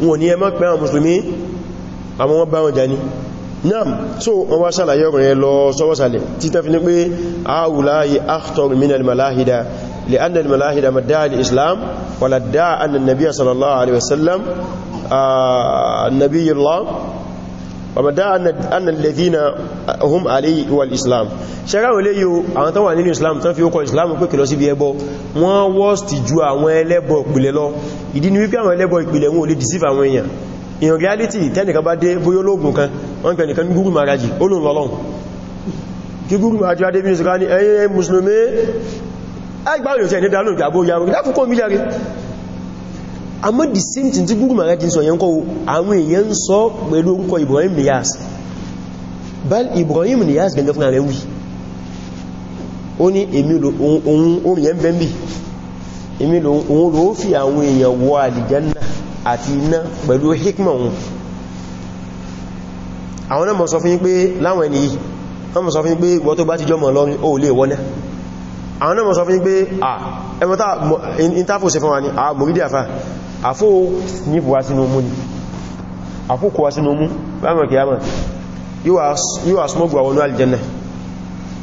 wọ́n ní ẹ má pẹ́ àwọn mùsùlùmí àwọn wọ́n bá wọn jà ní náà so wọ́n wá sàlàyé ọkùnrin lọ sọ́wọ́sàlẹ̀ títà fi ní pé àwùláyí akhtar min al-malahida لأن الملاحدة مدعى الإسلام ولا ادعى أن النبي صلى الله عليه وسلم النبي الله ومدعى أن الذين هم عليه والإسلام ṣẹ́gáwò lè yíò àwọn tó wà nínú Islam tán fi ókọ̀ Islam pé kìlọ sí ibi ẹbọ wọ́n wọ́s ti ju àwọn ẹlẹ́bọ ìpìlẹ̀ lọ ìdí ni in reality tẹ́nìkan bá dé bóyó lóògùn kan wọ́n pẹ̀ nìkan ní gúrù maraji olóòrùn lọ́lọ́un kí gúrù maraji wá débí ìsìnká ní ẹyẹ musulmi ẹgbàrún yóò tẹ́ ní dálóòrùn àbó yàrù the same thing tí gúrù maraji sọ yẹn kọ́ àwọn èèyàn Ibrahim Niyas bal Ibrahim Niyas gẹ̀gẹ̀ fún ààrẹ wí ó ní èmi òun yẹn bẹ́m̀bì èmi òun ló àti iná pẹ̀lú hikma wọn àwọn náà mọ̀ sọ fún yín pé láwọn ẹni yìí wọ́n mọ̀ sọ fún yín pé ìwọ tó bá ti jọmọ̀ lọ ó lè wọ́nẹ́ àwọn náà mọ̀ sọ fún yín pé à ẹmọ́ta ìntàfò se fún wa ní à mòrídí àfá àfó ní buwa sínú mú ni àfó kọwa sínú mú láàmọ̀ kìyàmà yíwa smọ́gbù àwọn aljanna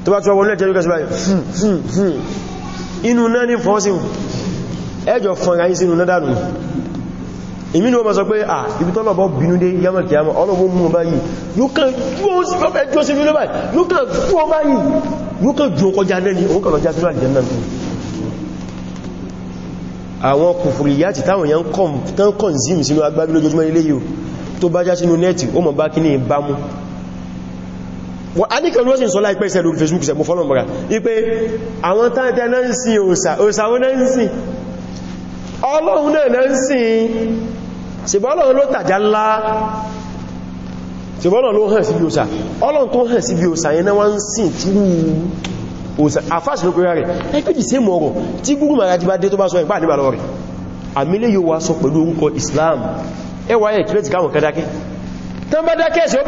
tó bá tí wọ́n lẹ́jẹ́ lókẹ́ síbáyé inú náà ní fọ́sí ẹjọ fọ́nra yí sínú náà dánù èmi ni wọ́n ma sọ pé à ah, ibi tọ́lọ̀ bọ́ bínú dé yamal kiyama ọlọ́wọ́ mú báyìí lókàn jú sí fílẹ̀ báyìí lókàn jú ọ báyìí lókàn jú ọkọjá lẹ́ni òun kọ̀lọ̀ já sínú àlìjẹ́ náà àwọn kùfùrìyàtì táwọn yẹn tán kọ̀nzím sínú agbábí lójoojúmọ́ ilé yìí tó bá já sínú nẹ́ẹ̀tì ó mọ̀ bá kí ní ìbámu wọ́n a ní kẹrù ó sì sọ láìpẹ́ ìṣẹ́ lórí Facebook ìṣẹ́gbọ́ fọ́lọ̀ mọ́ra àwọn táàtà náà ń sin ṣèbọ́lọ̀ ló tàjá ńlá ṣèbọ́lọ̀ ló hàn sí bí òsà ọlọ́n tó hàn sí bí òsà yẹn náà wọ́n ń sìn túrú òsà àfáàsì ló pẹ́rẹ́ rẹ̀ ẹgbẹ́jì sí Islam ẹwà ẹ̀ kìlẹ̀ ti káwọn kan dákẹ́ tán bá dákẹ́ sí ó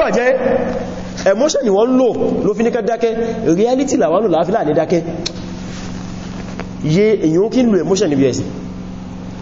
reality làwọn lò láfílà ní dákẹ́ yé èyàn kí ń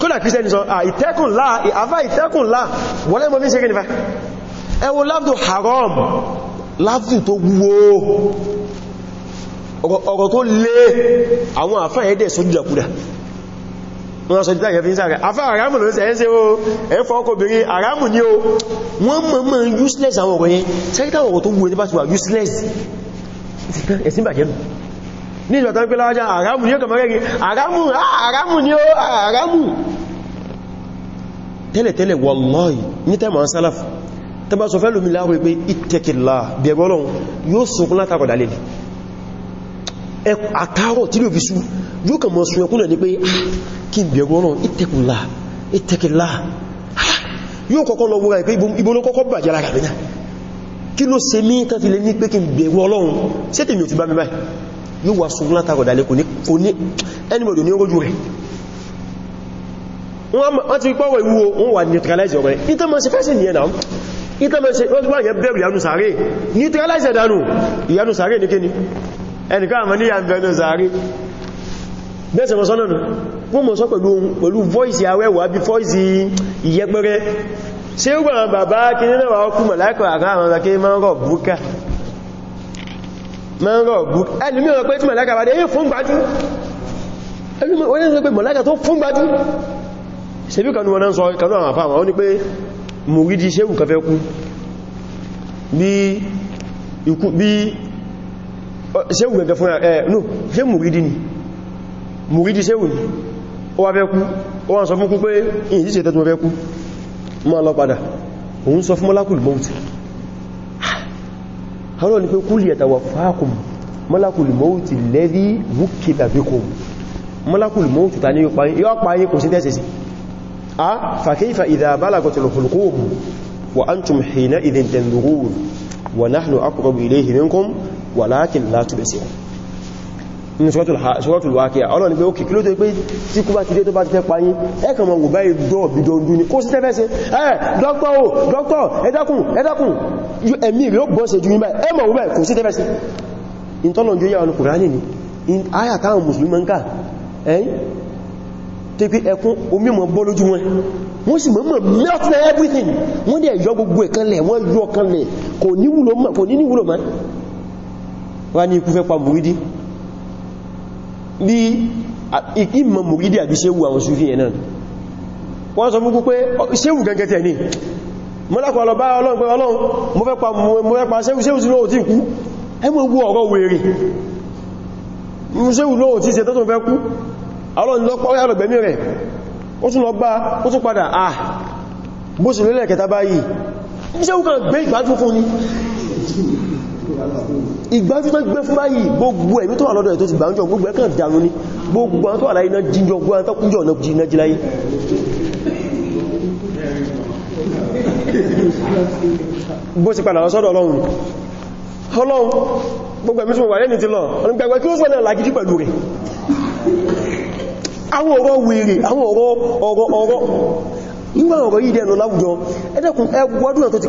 kódà kírísẹ́ni sọ ah, ìtẹ́kùnlá àfá ìtẹ́kùnlá wọ́n lẹ́mọ́ bí ṣe gẹ́nifá ẹwọ láàbdù haram láàbdù tó wúwo ọ̀rọ̀ tó lé àwọn àfá ẹ̀dẹ̀ sójújàkúdà wọ́n sọ títà ìyẹ̀fín sáré afá àrámù ló sẹ́yẹ́ sí o ẹ̀fọ́ ọkọ̀bìnrin àrámù ní o wọ́n mọ̀ mọ̀ useless àwọn ọ̀rọ̀ yẹn sẹ́yẹ́ táwọn ọ̀rọ̀ tó wúwo ní bá ti wà useless ẹ̀sìn bàjẹ́ nù ní ìjọta ń pè láwájá àrámù ní ọkọ̀ mọ́rẹ́gì àrámù àrámù ní ó àrámù tẹ́lẹ̀tẹ́lẹ̀ wallahi ní tẹ́mọ̀ sálàfù tẹ́bá sọ fẹ́ lómi láwọ́ pé ìtẹ́kìlá bẹ̀rọ̀lọ́un yóò sunkún látàkọ̀dà lè àtàrọ̀ tí ló fi sú yóò kàn mọ́ sun ẹkúnlẹ̀ ní pé ah, kí bẹ̀rọ̀lọ́un ìtẹ́kìlá ìtẹ́kìlá yóò kọ́kọ́ lọ wúra ìpé ibo ló kọ́kọ́ bàjẹ́ lára rẹ̀ náà kí ló ṣe mí tán fi lè ní pé kí bẹ̀rọ̀lọ́un sẹ́tẹ̀mí ò ti bá mi báyìí yóò wà sùn látàrọ̀ dalẹ̀ kò ní anybody ní orójú rẹ̀ wọ́n ti pọ́wọ̀ ìwúwo wọ́n wà neutralize ọ̀rẹ́ ìtẹ́mọ̀sí fẹ́sì ní ẹ̀nà ìtẹ́mọ̀sí wọ́n ti wáyẹ̀ bẹ̀rù ìyanu sàárè neutralize ẹ̀dánù ìyanu sàárè ní kíni ẹnìká àmà ní ìyanu sàárè bẹ́ẹ̀sẹ̀ mọ̀ sọ́nà voice awẹ́wà bí voice ìyẹpẹrẹ ṣe ó gbọ́n bàbá kí nínú àwọn ọkùnmọ̀ láìkọ̀ àkà àwọn akẹ́ mẹ́rọ̀ bú ẹlùmí ọ̀rọ̀ pé tí mọ̀láka bá dé yí fún gbájú ẹlùmí ọ̀rọ̀ pé mọ̀láka tó fún gbájú ṣe bí kanú wọn náà sọ kanú àwọn àfáà wọn ní pé mùrídí ṣéwù kan fẹ́ kú bí ikú bí ṣéwù gẹ̀gẹ̀ fún ẹ̀ no ṣé mùrídí ni mùrídí ṣéwù ni ó wá fẹ́ kú ó wá sọ fún kú pé ìyìn sí ṣe tẹ́tù fẹ́ kú mọ́ lọ padà òun sọ fún mọ́lákùlù mọ́tì ọlọ́run ni pé kúlì ẹ̀tàwà fákùn mọ́lákùlù mọ́ọ̀tì lẹ́dí wùkì dàbíkùn mọ́lákùlù mọ́ọ̀tì tàní yóò pàáyé kò sí tẹ́sẹ̀sì a fàkífà ìdá bálagọ̀tìlù hulqum wa antum hina idin tanzurun wa nahnu aqrabu ilayhi minkum ní ṣọ́tùl wákíà ọlọ́ni pé ókè kí ló tó pé tí kú bá ti dé tó bá ti fẹ́ payín ẹkàn mọ̀ wò báyìí dọ́ bìdọ̀ ń dúni kó sí tẹ́fẹ́ sí ẹ̀ dọ́kọ̀ o dọ́kọ̀ ẹ dákun ẹ dákun ẹ̀mí rẹ̀ ó bọ́ sí ju yínbá ẹ mọ̀ wò báyìí kó sí tẹ́fẹ́ sí ìtọ́lọ̀ ń jó yà ọ̀nà kùránì ni àyà táwọn mùsùlùmí ń kà ẹ́yìn tó ẹkún omi mọ̀ bọ́ lójú wọn wọ́n sì mọ̀ melt na everything wọ́n dẹ̀ yọ gbogbo ẹ̀kanlẹ̀ wọ́n yọ kanlẹ̀ kò ní wúlò mọ́ wà ní ikú fẹ́ bí ìmọ̀ mùrídì àbí ṣéwù àwọn Sufi ẹ̀ náà wọ́n sọ mú pé ṣéwù gẹ́gẹ́ tẹ̀ ní mọ́lákọ̀ lọ bá Ọlọ́run pé Ọlọ́run mo fẹ́ pa mo fẹ́ pa ṣéwù ṣéwù sí lóòtí kú ẹmọ ogun ọ̀rọ̀ wèrè ṣéwù lóòtí ṣe tọ́tún fẹ́ kú Ọlọ́run lọ pọ́ yàrọ̀ gbẹ̀mí rẹ̀ ó tún lọ bá ó tún padà à bó sì lélẹ̀ kẹta báyìí ṣéwù kan gbé ìgbádùn fún ni ìgbájú tó gbé fúnmá yìí gbogbo ẹ̀mí tó wà lọ́dọ̀ ẹ̀ tó ti gbà ń jọ gbogbo ẹ̀kàn dànù ní gbogbo àwọn tó wà láyé náà jíjọ gbogbo àwọn náà àwọn ọ̀rọ̀ wèrè àwọn ọ̀rọ̀ ọ̀rọ̀ ọ̀rọ̀ ọ̀rọ̀ yìí láwùjọ ẹ̀dẹ́kùn ẹgbọ́dún tó ti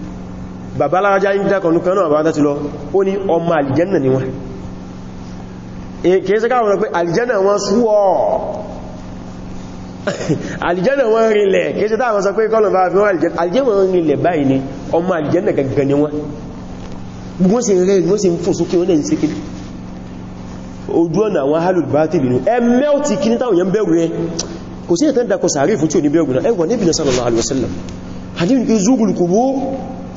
bàbá lárájá ìdákanú kan náà bàbá tátí lọ ó ní ọmọ aljanna ni wọ́n kìí sí káwọn pé aljanna wọ́n súwọ́ aljanna wọ́n rinlẹ̀ kìí sí táwọn sọ pé kọ́lọ̀ bá fi wọ́n aljanna wọ́n rinlẹ̀ báyìí ni ọmọ aljanna gangan ni wọ́n wọ́n sì rẹ̀ wọ́n sì ń fò sókè wọ́n sì kéde ojú ọ̀nà àwọn halul bátìlì nù ẹ mẹ́ọ̀tì kí ní táwọn yẹn bẹ̀rù rẹ kò sí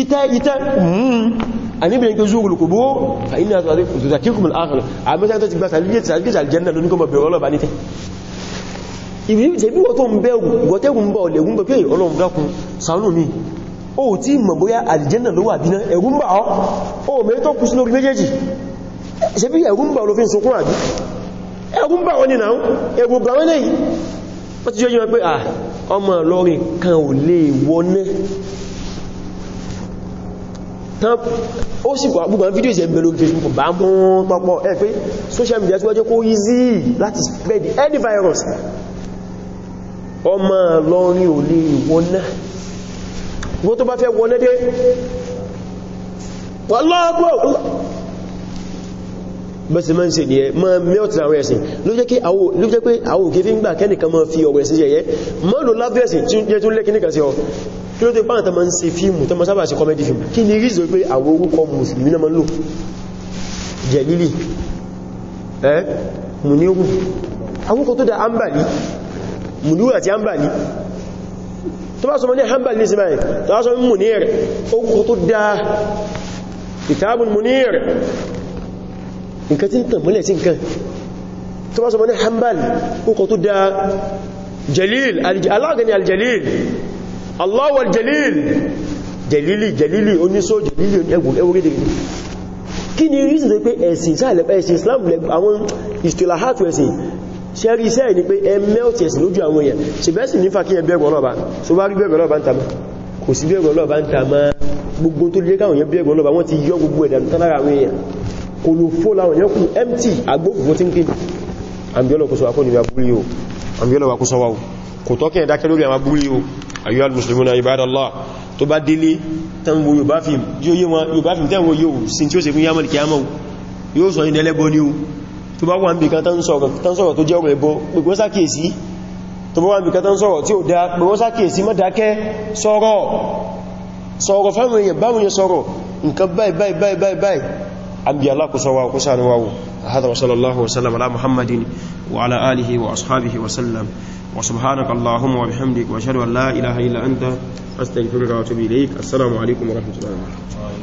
ìtẹ́ ìtẹ́ àníbìnrin pé zúrù kò bó fa iná àtàrí ìtòtàkíkùn al'akọ̀lù àmìsàn tó ti gbá sàrígẹ́sì aljanna lóníkọ́mọ̀ bẹ̀rẹ̀ ọlọ́bà ní tẹ́ ìbí tẹ́bí wọ́n tó ń bẹ́ gọ́tẹ́gùn bọ́ lẹ́gùn bẹ̀ pé ọlọ́run dákun ṣàánú mi ó tí mọ̀ bóyá aljanna ló wà bíná ẹ̀gùn bà ọ́ ó mẹ́ tó kú sí lórí méjèèjì ṣe bí ẹ̀gùn bà ló fi sunkún àbí ẹ̀gùn bà wọ́n ni náà ẹ̀gùn bà wọ́n lẹ́yìn wọ́n ti jẹ́ yíwọ́n ah, ọmọ lọ́rin kan ò lè wọ́n tán ó sì wà gbogbo àwọn fídíò ìṣẹ̀bẹ̀ lórí Facebook bá mú pọ̀pọ̀ ẹ pé social media tí wọ́n jẹ́ kó easy láti spread any virus ọmọ lọ́rin ò lè wọ́ná wọ́n tó bá fẹ́ wọ́ná dé pọ̀lọ́gbọ̀ bẹ́sẹ̀ mọ́ ṣe nìyẹ mọ́ mẹ́ọ̀tí àwọn ẹ̀sìn ló jẹ́ pé àwọn òkè fi ń gbà kẹ́nìkan mọ́ fi ọ̀rọ̀ ẹ̀sìn yẹ̀yẹ́ mọ́ lò lábẹ́ ẹ̀sìn tí ó jẹ́ tún lẹ́kìníkà sí ọ kí ló dé pàrọ̀ tán ma ń ṣe fíìmù tán ma sábà ṣe comedy film kí ni reason pé àwọn orúkọ mùsùlùmí náà ma ń lò jẹ̀lílì ẹ́ mùníwù awúkọ tó dá ámbàlì mùníwù àti ámbàlì tó bá sọ mọ́ ní ámbàlì ní sinmi tó bá sọ mùnír orúkọ tó dá ìtàbùn jalil aláàgani aljalil Allahu al-Jalil jẹ̀lílì jẹ̀lílì oníṣó jẹ̀lílì ẹgbùn ẹwúrídìí kí ni reason tó pé ẹ̀sìn sáàlẹ̀ ẹ̀sìn Islam àwọn ìstìláhàtù ẹ̀sìn ṣẹ́rí iṣẹ́ ni pé ẹ mẹ́ọ̀tì ẹ̀sìn lójú àwọn èèyàn ṣìbẹ́sì nífà kí ẹ bẹ̀rù ọlọ́ba so bá rí bẹ̀rù ọlọ́ba ń tàmà kò sí bẹ̀rù ọlọ́ba ń tàmà gbogbo tó lé káwọn èèyàn bẹ̀rù ọlọ́ba wọ́n ti yọ gbogbo ẹ̀dà tán lára àwọn èèyàn kò ló fó láwọn èèyàn kù empty agbófùfó tí ń pè àbíọ́lọ̀ kò sọ wà kò ní wà búrí o àbíọ́lọ̀ wà kò sọ wà kò tọ́kẹ̀ ẹ̀dákẹ́ lórí àwọn abúrí o ayyuha al-muslimuna ibadallah tó bá délé tánwò yóò bá fi tánwò yóò sin tí ó se fún yamal kiyama yóò sọ yìí dẹ́lẹ́bọ́ ní o tó bá wà ń bí kan tán sọ̀rọ̀ tó jẹ́ ọ̀rọ̀ ẹbọ gbogbo sákèsí tó bá wà ń bí kan tán sọ̀rọ̀ tí ó dá gbogbo sákèsí má dákẹ́ sọ̀rọ̀ sọ̀rọ̀ fáwọn èèyàn báwọn yẹn sọ̀rọ̀ nǹkan báyìí báyìí báyìí báyìí àbí alákùsọwà kúsànúwàwò هذا وصلى الله وسلم على محمد وعلى آله وأصحابه وسلم وسبحانك اللهم وبحمدك واشهد ان لا اله الا انت استغفرك واتوب اليك السلام عليكم ورحمه الله وبركاته